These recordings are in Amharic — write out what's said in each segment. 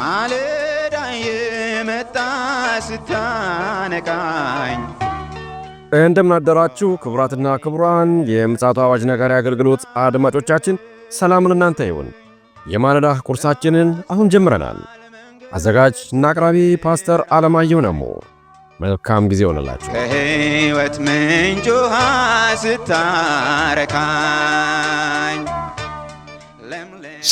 ማለዳ የመጣ ስታነቃኝ እንደምናደራችሁ ክቡራትና ክቡራን የምፅዓቱ አዋጅ ነጋሪ አገልግሎት አድማጮቻችን ሰላም እናንተ ይሁን። የማለዳ ቁርሳችንን አሁን ጀምረናል። አዘጋጅ እና አቅራቢ ፓስተር አለማየሁ ነሞ። መልካም ጊዜ ሆነላችሁ። ከሕይወት ምንጭ ውሃ ስታረካኝ።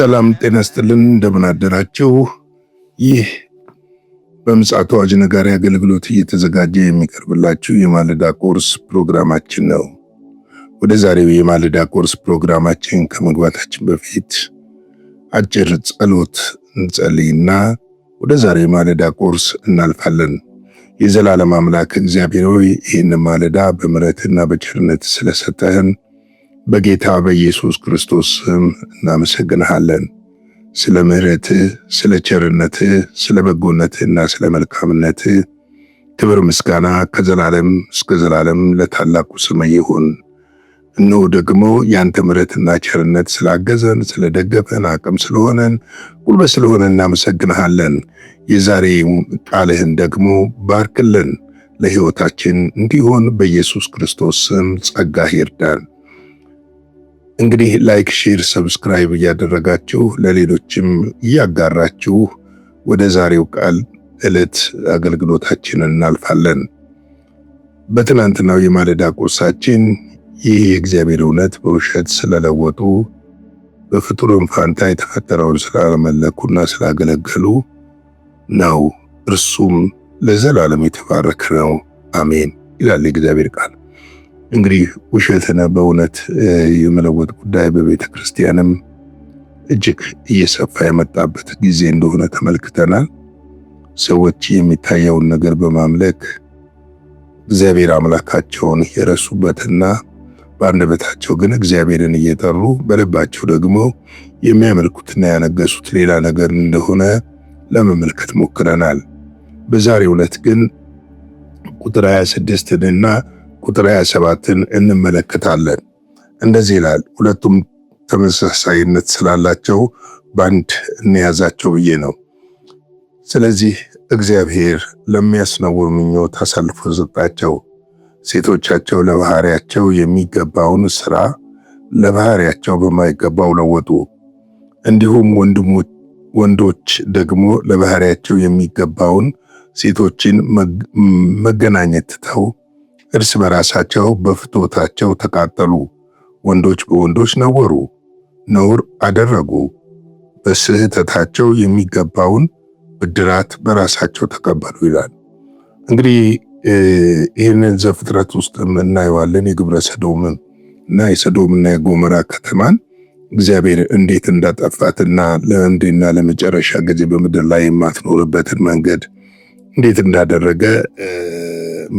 ሰላም ጤና ስጥልን። እንደምናደራችሁ ይህ በምፅዓቱ አዋጅ ነጋሪ አገልግሎት እየተዘጋጀ የሚቀርብላችሁ የማለዳ ቁርስ ፕሮግራማችን ነው። ወደ ዛሬው የማለዳ ቁርስ ፕሮግራማችን ከመግባታችን በፊት አጭር ጸሎት እንጸልይና ወደ ዛሬ የማለዳ ቁርስ እናልፋለን። የዘላለም አምላክ እግዚአብሔር ሆይ ይህን ማለዳ በምሕረትና በቸርነት ስለሰጠህን በጌታ በኢየሱስ ክርስቶስ ስም እናመሰግንሃለን። ስለ ምሕረትህ፣ ስለ ቸርነትህ፣ ስለ በጎነትህ እና ስለ መልካምነትህ ክብር ምስጋና ከዘላለም እስከ ዘላለም ለታላቁ ስም ይሁን። እነሆ ደግሞ ያንተ ምሕረትና ቸርነት ስላገዘን፣ ስለደገፈን፣ አቅም ስለሆነን፣ ጉልበት ስለሆነን እናመሰግንሃለን። የዛሬ ቃልህን ደግሞ ባርክልን፣ ለሕይወታችን እንዲሆን በኢየሱስ ክርስቶስ ስም ጸጋህ ይርዳን። እንግዲህ ላይክ፣ ሼር፣ ሰብስክራይብ እያደረጋችሁ ለሌሎችም እያጋራችሁ ወደ ዛሬው ቃል ዕለት አገልግሎታችንን እናልፋለን። በትናንትናው የማለዳ ቁርሳችን ይህ የእግዚአብሔር እውነት በውሸት ስለለወጡ በፍጡሩን ፋንታ የተፈጠረውን ስላመለኩና ስላገለገሉ ነው። እርሱም ለዘላለም የተባረከ ነው። አሜን ይላል የእግዚአብሔር ቃል። እንግዲህ ውሸትን በእውነት የመለወጥ ጉዳይ በቤተ ክርስቲያንም እጅግ እየሰፋ የመጣበት ጊዜ እንደሆነ ተመልክተናል። ሰዎች የሚታየውን ነገር በማምለክ እግዚአብሔር አምላካቸውን የረሱበትና በአንደበታቸው ግን እግዚአብሔርን እየጠሩ በልባቸው ደግሞ የሚያመልኩትና ያነገሱት ሌላ ነገር እንደሆነ ለመመልከት ሞክረናል። በዛሬው ዕለት ግን ቁጥር 26ንና ቁጥር 27 እንመለከታለን። እንደዚህ ይላል። ሁለቱም ተመሳሳይነት ስላላቸው በአንድ እንያዛቸው ብዬ ነው። ስለዚህ እግዚአብሔር ለሚያስነውር ምኞት አሳልፎ ሰጣቸው። ሴቶቻቸው ለባህሪያቸው የሚገባውን ስራ ለባህሪያቸው በማይገባው ለወጡ። እንዲሁም ወንዶች ደግሞ ለባህሪያቸው የሚገባውን ሴቶችን መገናኘት ትተው እርስ በራሳቸው በፍትወታቸው ተቃጠሉ። ወንዶች በወንዶች ነወሩ፣ ነውር አደረጉ። በስህተታቸው የሚገባውን ብድራት በራሳቸው ተቀበሉ ይላል። እንግዲህ ይህንን ዘፍጥረት ውስጥ እናየዋለን። የግብረ ሰዶምን እና የሰዶምና የጎመራ ከተማን እግዚአብሔር እንዴት እንዳጠፋትና ለአንዴና ለመጨረሻ ጊዜ በምድር ላይ የማትኖርበትን መንገድ እንዴት እንዳደረገ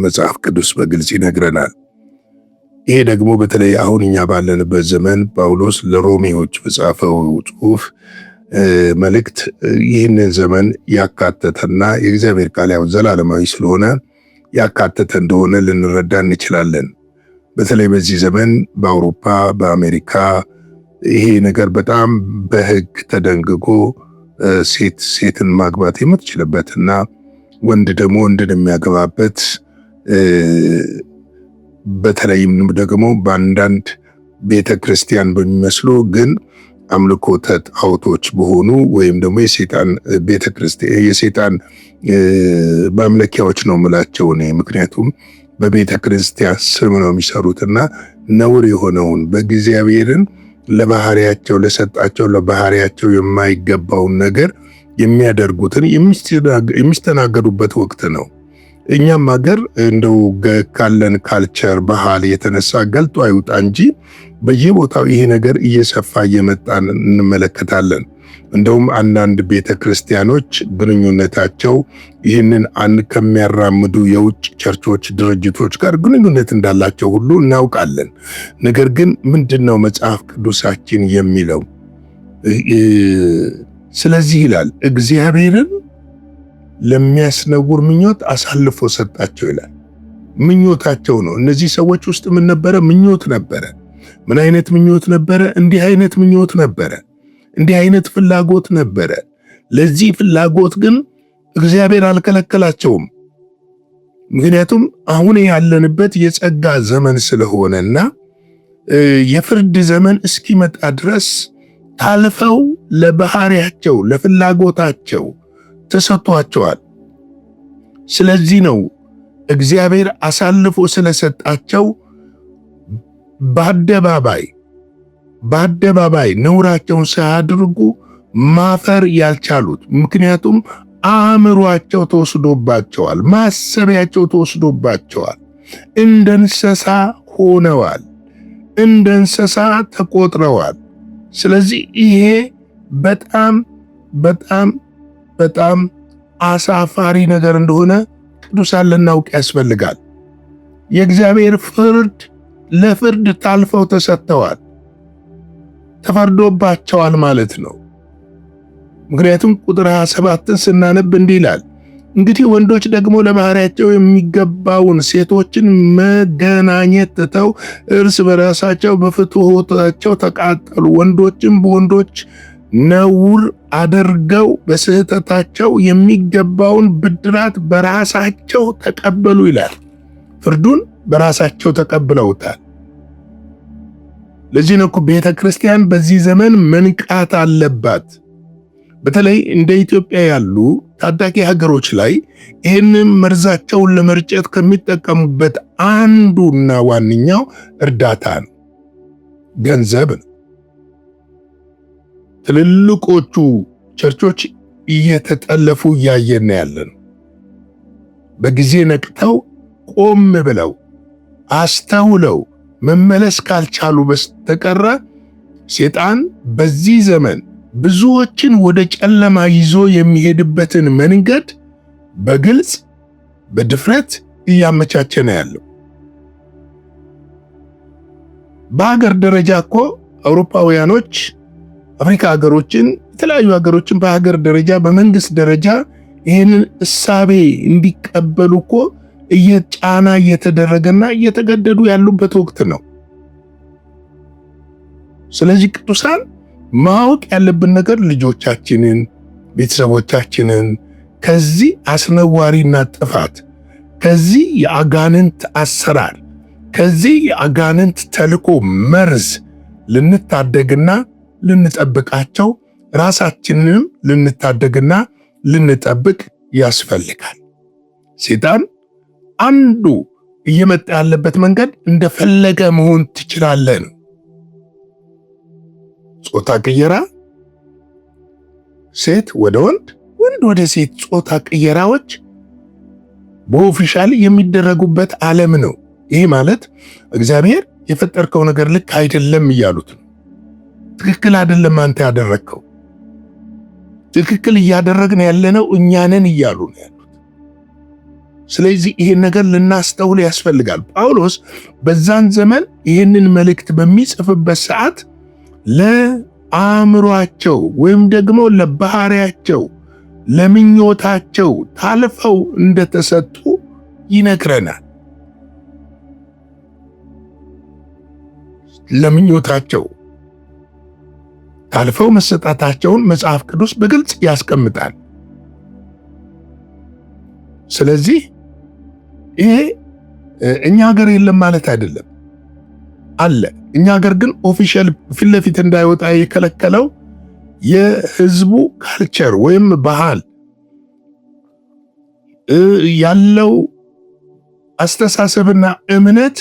መጽሐፍ ቅዱስ በግልጽ ይነግረናል። ይሄ ደግሞ በተለይ አሁን እኛ ባለንበት ዘመን ጳውሎስ ለሮሜዎች በጻፈው ጽሑፍ መልእክት ይህንን ዘመን ያካተተና የእግዚአብሔር ቃል ያው ዘላለማዊ ስለሆነ ያካተተ እንደሆነ ልንረዳ እንችላለን። በተለይ በዚህ ዘመን በአውሮፓ፣ በአሜሪካ ይሄ ነገር በጣም በሕግ ተደንግጎ ሴት ሴትን ማግባት የምትችልበትና ወንድ ደግሞ ወንድን የሚያገባበት በተለይም ደግሞ በአንዳንድ ቤተ ክርስቲያን በሚመስሉ ግን አምልኮ አውቶች በሆኑ ወይም ደግሞ የሴጣን ቤተ ክርስቲያን የሴጣን ማምለኪያዎች ነው የምላቸው እኔ። ምክንያቱም በቤተ ክርስቲያን ስም ነው የሚሰሩትና ነውር የሆነውን በእግዚአብሔርን ለባህሪያቸው ለሰጣቸው ለባህሪያቸው የማይገባውን ነገር የሚያደርጉትን የሚስተናገዱበት ወቅት ነው። እኛም ሀገር እንደው ካለን ካልቸር ባህል የተነሳ ገልጦ አይውጣ እንጂ በየቦታው ይሄ ነገር እየሰፋ እየመጣን እንመለከታለን። እንደውም አንዳንድ ቤተ ክርስቲያኖች ግንኙነታቸው ይህንን ከሚያራምዱ የውጭ ቸርቾች፣ ድርጅቶች ጋር ግንኙነት እንዳላቸው ሁሉ እናውቃለን። ነገር ግን ምንድን ነው መጽሐፍ ቅዱሳችን የሚለው ስለዚህ ይላል እግዚአብሔርን ለሚያስነውር ምኞት አሳልፎ ሰጣቸው ይላል። ምኞታቸው ነው። እነዚህ ሰዎች ውስጥ ምን ነበረ? ምኞት ነበረ። ምን አይነት ምኞት ነበረ? እንዲህ አይነት ምኞት ነበረ። እንዲህ አይነት ፍላጎት ነበረ። ለዚህ ፍላጎት ግን እግዚአብሔር አልከለከላቸውም። ምክንያቱም አሁን ያለንበት የጸጋ ዘመን ስለሆነና የፍርድ ዘመን እስኪመጣ ድረስ ታልፈው ለባህሪያቸው ለፍላጎታቸው ተሰጥቷቸዋል። ስለዚህ ነው እግዚአብሔር አሳልፎ ስለሰጣቸው በአደባባይ በአደባባይ ነውራቸውን ሳያድርጉ ማፈር ያልቻሉት። ምክንያቱም አእምሯቸው ተወስዶባቸዋል፣ ማሰቢያቸው ተወስዶባቸዋል። እንደ እንስሳ ሆነዋል፣ እንደ እንስሳ ተቆጥረዋል። ስለዚህ ይሄ በጣም በጣም በጣም አሳፋሪ ነገር እንደሆነ ቅዱሳን ልናውቅ ያስፈልጋል። የእግዚአብሔር ፍርድ ለፍርድ ታልፈው ተሰጥተዋል፣ ተፈርዶባቸዋል ማለት ነው። ምክንያቱም ቁጥር 27ን ስናነብ እንዲህ ይላል እንግዲህ ወንዶች ደግሞ ለባህሪያቸው የሚገባውን ሴቶችን መገናኘት ትተው እርስ በራሳቸው በፍትሆታቸው ተቃጠሉ። ወንዶችም በወንዶች ነውር አድርገው በስህተታቸው የሚገባውን ብድራት በራሳቸው ተቀበሉ ይላል። ፍርዱን በራሳቸው ተቀብለውታል። ለዚህ ነው እኮ ቤተ ክርስቲያን በዚህ ዘመን መንቃት አለባት። በተለይ እንደ ኢትዮጵያ ያሉ ታዳጊ ሀገሮች ላይ ይህንን መርዛቸውን ለመርጨት ከሚጠቀሙበት አንዱና ዋነኛው እርዳታ ነው፣ ገንዘብ ነው። ትልልቆቹ ቸርቾች እየተጠለፉ እያየን ያለን። በጊዜ ነቅተው ቆም ብለው አስተውለው መመለስ ካልቻሉ በስተቀረ ሴጣን በዚህ ዘመን ብዙዎችን ወደ ጨለማ ይዞ የሚሄድበትን መንገድ በግልጽ በድፍረት እያመቻቸ ነው ያለው። በሀገር ደረጃ እኮ አውሮፓውያኖች አፍሪካ ሀገሮችን፣ የተለያዩ ሀገሮችን በሀገር ደረጃ በመንግስት ደረጃ ይህንን እሳቤ እንዲቀበሉ እኮ እየጫና እየተደረገና እየተገደዱ ያሉበት ወቅት ነው። ስለዚህ ቅዱሳን ማወቅ ያለብን ነገር ልጆቻችንን፣ ቤተሰቦቻችንን ከዚህ አስነዋሪና ጥፋት ከዚህ የአጋንንት አሰራር ከዚህ የአጋንንት ተልዕኮ መርዝ ልንታደግና ልንጠብቃቸው ራሳችንንም ልንታደግና ልንጠብቅ ያስፈልጋል። ሴጣን አንዱ እየመጣ ያለበት መንገድ እንደፈለገ መሆን ትችላለን ጾታ ቅየራ ሴት ወደ ወንድ፣ ወንድ ወደ ሴት ጾታ ቅየራዎች በኦፊሻል የሚደረጉበት ዓለም ነው። ይህ ማለት እግዚአብሔር የፈጠርከው ነገር ልክ አይደለም እያሉት ነው። ትክክል አይደለም አንተ ያደረግከው ትክክል እያደረግን ያለነው እኛንን እያሉ ነው ያሉት። ስለዚህ ይህን ነገር ልናስተውል ያስፈልጋል። ጳውሎስ በዛን ዘመን ይህንን መልእክት በሚጽፍበት ሰዓት ለአእምሯቸው ወይም ደግሞ ለባህሪያቸው ለምኞታቸው ታልፈው እንደተሰጡ ይነግረናል። ለምኞታቸው ታልፈው መሰጣታቸውን መጽሐፍ ቅዱስ በግልጽ ያስቀምጣል። ስለዚህ ይሄ እኛ ሀገር የለም ማለት አይደለም፣ አለ። እኛ ሀገር ግን ኦፊሻል ፊት ለፊት እንዳይወጣ የከለከለው የህዝቡ ካልቸር ወይም ባህል ያለው አስተሳሰብና እምነት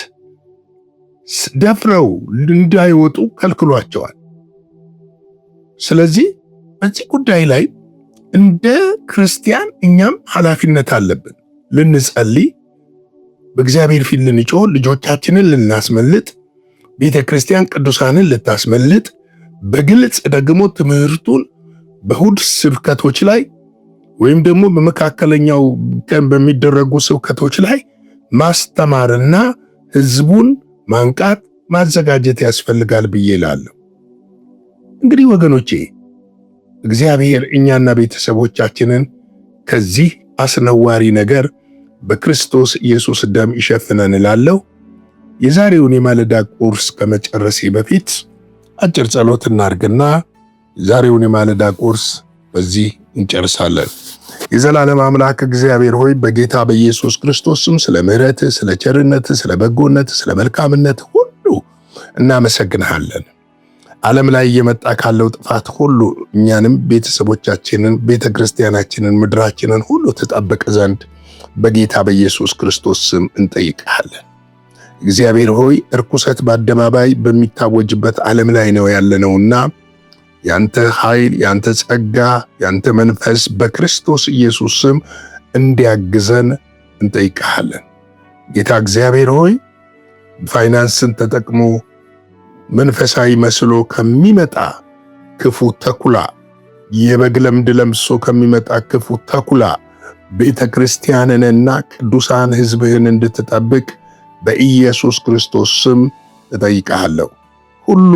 ደፍረው እንዳይወጡ ከልክሏቸዋል። ስለዚህ በዚህ ጉዳይ ላይ እንደ ክርስቲያን እኛም ኃላፊነት አለብን። ልንጸልይ፣ በእግዚአብሔር ፊት ልንጮህ፣ ልጆቻችንን ልናስመልጥ ቤተ ክርስቲያን ቅዱሳንን ልታስመልጥ በግልጽ ደግሞ ትምህርቱን በእሁድ ስብከቶች ላይ ወይም ደግሞ በመካከለኛው ቀን በሚደረጉ ስብከቶች ላይ ማስተማርና ህዝቡን ማንቃት ማዘጋጀት ያስፈልጋል ብዬ እላለሁ። እንግዲህ ወገኖቼ እግዚአብሔር እኛና ቤተሰቦቻችንን ከዚህ አስነዋሪ ነገር በክርስቶስ ኢየሱስ ደም ይሸፍነን እላለሁ። የዛሬውን የማለዳ ቁርስ ከመጨረሴ በፊት አጭር ጸሎት እናድርግና የዛሬውን የማለዳ ቁርስ በዚህ እንጨርሳለን። የዘላለም አምላክ እግዚአብሔር ሆይ በጌታ በኢየሱስ ክርስቶስም ስለ ምህረት ስለ ቸርነት፣ ስለ በጎነት፣ ስለ መልካምነት ሁሉ እናመሰግንሃለን። ዓለም ላይ እየመጣ ካለው ጥፋት ሁሉ እኛንም፣ ቤተሰቦቻችንን፣ ቤተ ክርስቲያናችንን፣ ምድራችንን ሁሉ ትጠብቅ ዘንድ በጌታ በኢየሱስ ክርስቶስ ስም እንጠይቅሃለን። እግዚአብሔር ሆይ እርኩሰት በአደባባይ በሚታወጅበት ዓለም ላይ ነው ያለነውና ያንተ ኃይል፣ ያንተ ጸጋ፣ ያንተ መንፈስ በክርስቶስ ኢየሱስ ስም እንዲያግዘን እንጠይቀሃለን። ጌታ እግዚአብሔር ሆይ ፋይናንስን ተጠቅሞ መንፈሳዊ መስሎ ከሚመጣ ክፉ ተኩላ የበግ ለምድ ለምሶ ከሚመጣ ክፉ ተኩላ ቤተ ክርስቲያንንና ቅዱሳን ሕዝብህን እንድትጠብቅ በኢየሱስ ክርስቶስ ስም እጠይቅሃለሁ። ሁሉ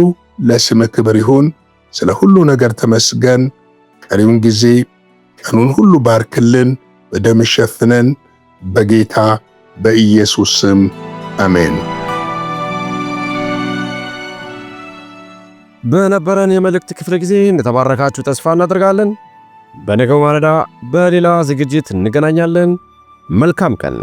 ለስም ክብር ይሁን። ስለ ሁሉ ነገር ተመስገን። ቀሪውን ጊዜ ቀኑን ሁሉ ባርክልን፣ በደም ሸፍነን። በጌታ በኢየሱስ ስም አሜን። በነበረን የመልእክት ክፍለ ጊዜ እንደተባረካችሁ ተስፋ እናደርጋለን። በነገው ማለዳ በሌላ ዝግጅት እንገናኛለን። መልካም ቀን